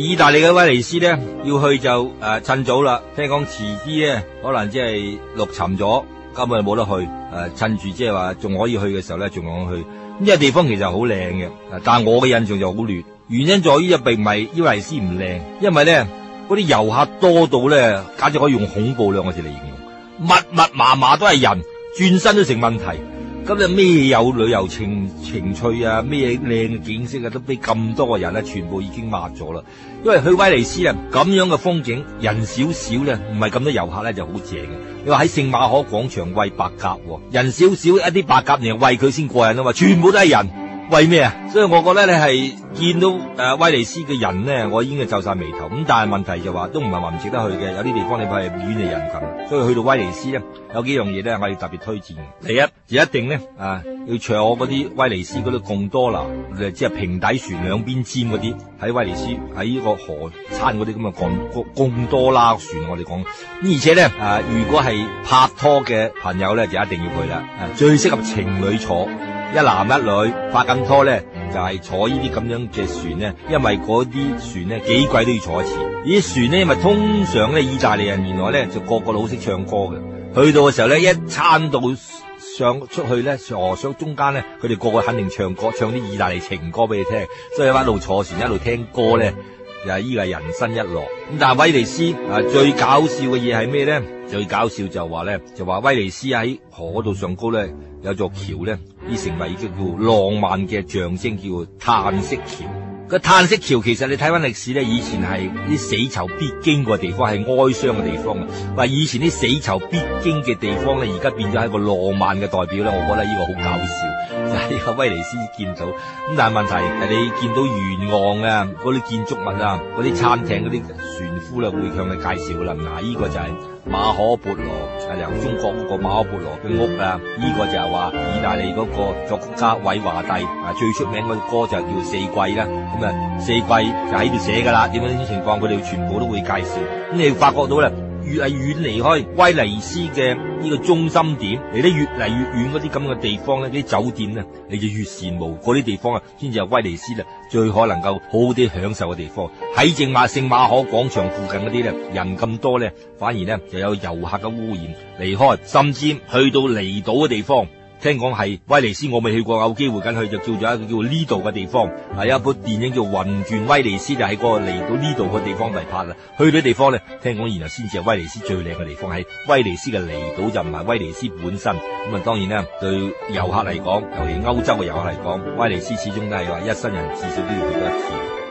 意大利嘅威尼斯咧，要去就誒、呃、趁早啦。聽講遲啲咧可能只係陸沉咗，根本就冇得去誒、呃。趁住即係話仲可以去嘅時候咧，仲想去。呢個地方其實好靚嘅，但係我嘅印象就好亂。原因在呢，就並唔係威尼斯唔靚，因為咧嗰啲遊客多到咧，簡直可以用恐怖兩個字嚟形容，密密麻麻都係人，轉身都成問題。今日咩有旅遊情情趣啊，咩靚嘅景色啊，都俾咁多個人咧，全部已經抹咗啦，因為去威尼斯啊，咁樣嘅風景人少少咧，唔係咁多遊客咧就好正嘅。你話喺聖馬可廣場餵白鴿，人少少一啲白鴿，你餵佢先過癮啊嘛，全部都係人。為咩啊？所以我覺得你係見到誒、呃、威尼斯嘅人咧，我已經係皺晒眉頭。咁但係問題就話、是、都唔係話唔值得去嘅，有啲地方你係遠離人群，所以去到威尼斯咧，有幾樣嘢咧，我要特別推薦。第一就一定咧啊，要坐我嗰啲威尼斯嗰啲貢多拉，即、就、係、是、平底船兩邊尖嗰啲，喺威尼斯喺呢個河撐嗰啲咁嘅貢貢多拉船，我哋講。咁而且咧誒、啊，如果係拍拖嘅朋友咧，就一定要去啦、啊，最適合情侶坐。一男一女拍緊拖咧，就係坐呢啲咁樣嘅船咧，因為嗰啲船咧幾鬼都要坐一次。呢啲船咧，咪通常咧，意大利人原來咧就個個都好識唱歌嘅。去到嘅時候咧，一撐到上出去咧，坐上中間咧，佢哋個個肯定唱歌，唱啲意大利情歌俾你聽，所以一路坐船一路聽歌咧。又係依個人生一樂，咁，但係威尼斯啊最搞笑嘅嘢係咩咧？最搞笑就話咧，就話威尼斯喺河度上高咧，有座橋咧，而成為一個叫浪漫嘅象徵，叫做嘆息橋。個嘆息橋其實你睇翻歷史咧，以前係啲死囚必經個地方，係哀傷嘅地方啊！話以前啲死囚必經嘅地方咧，而家變咗係一個浪漫嘅代表咧，我覺得呢個好搞笑。就係呢個威尼斯見到咁，但係問題係你見到沿岸啊，嗰啲建築物啊，嗰啲餐廳嗰啲船夫啦，會向你介紹啦，嗱，呢個就係。馬可波羅啊，由中國嗰個馬可波羅嘅屋啊，呢個就係話意大利嗰個作曲家韋華帝啊，最出名嘅歌就叫、是、四季啦，咁啊、嗯、四季就喺度寫噶啦，點樣啲情況佢哋全部都會介紹，咁、嗯、你發覺到咧。越係遠離開威尼斯嘅呢個中心點，嚟得越嚟越遠嗰啲咁嘅地方咧，啲酒店咧，你就越羨慕嗰啲地方啊，先至係威尼斯啦，最可能夠好啲享受嘅地方喺聖馬聖馬可廣場附近嗰啲咧，人咁多咧，反而咧就有遊客嘅污染離開，甚至去到離島嘅地方。聽講係威尼斯，我未去過有機，有機會咁去就叫咗一個叫 Lido 嘅地方，係一部電影叫《魂斷威尼斯》，就喺嗰個離島呢度嘅地方嚟拍啦。去嗰啲地方咧，聽講然後先至係威尼斯最靚嘅地方，係威尼斯嘅離島就唔係威尼斯本身。咁啊，當然咧，對遊客嚟講，尤其歐洲嘅遊客嚟講，威尼斯始終都係話一生人至少都要去一次。